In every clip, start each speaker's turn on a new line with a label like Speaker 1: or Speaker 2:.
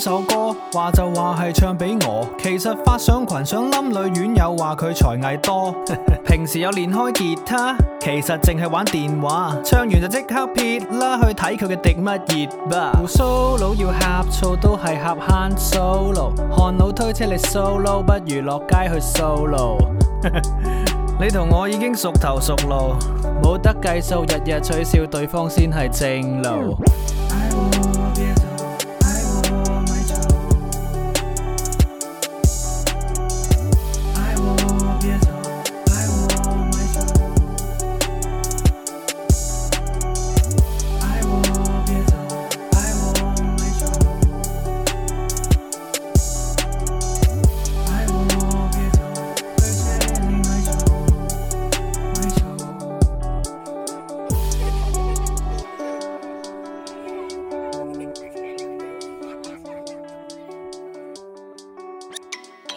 Speaker 1: 首歌話就話係唱俾我，其實發上群想冧女院友，話佢才藝多呵呵。平時又練開吉他，其實淨係玩電話。唱完就即刻撇啦，去睇佢嘅滴乜熱吧。鬍鬚佬要呷醋都係合慳 solo，養腦佬推車嚟 solo，不如落街去 solo 呵呵。你同我已經熟頭熟路，冇得計數，日日取笑對方先係正路。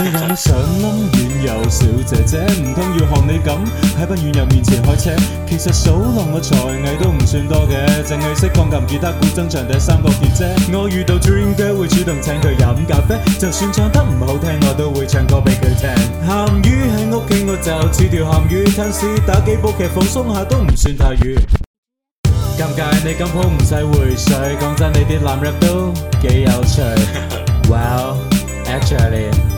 Speaker 2: 你咁上冧遠又小姐姐，唔通要學你咁喺不遠又面前開車？其實數落我才藝都唔算多嘅，淨係識鋼琴、吉他、古箏、長笛三個鍵啫。我遇到 dream girl 會主動請佢飲咖啡，就算唱得唔好聽，我都會唱歌俾佢聽。鹹魚喺屋企我就似條鹹魚吞屍，打幾部劇放鬆下都唔算太魚。尷尬你咁好唔使回水，講真你啲男人都幾有趣。Well, actually.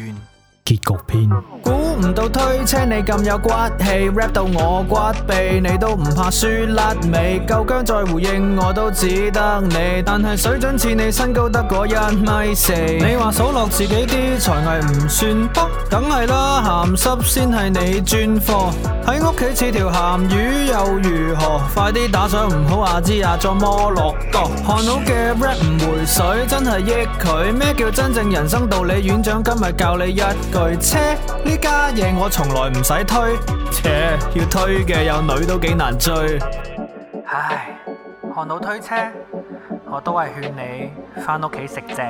Speaker 1: 結局篇，估唔到推車你咁有骨氣，rap 到我骨痹，你都唔怕輸甩尾，夠薑再回應我都只得你，但係水準似你身高得嗰一米四，你話數落自己啲才藝唔算多，梗係啦鹹濕先係你專科，喺屋企似條鹹魚又如何，快啲打賞唔好阿支阿左摩洛哥，看好嘅 rap 唔回水真係益佢，咩叫真正人生道理，院長今日教你一個。推車呢家嘢我從來唔使推，且要推嘅有女都幾難追。唉，看到推車，我都係勸你返屋企食蔗，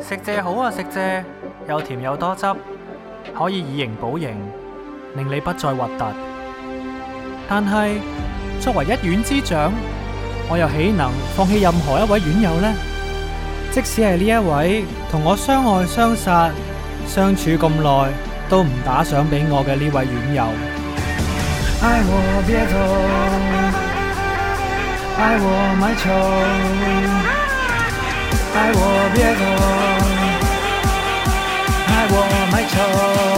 Speaker 1: 食蔗好啊食蔗，又甜又多汁，可以以形補形，令你不再核突。但係作為一院之長，我又豈能放棄任何一位院友呢？即使係呢一位同我相愛相殺。相處咁耐，都唔打賞畀我嘅呢位遠友。
Speaker 2: 愛我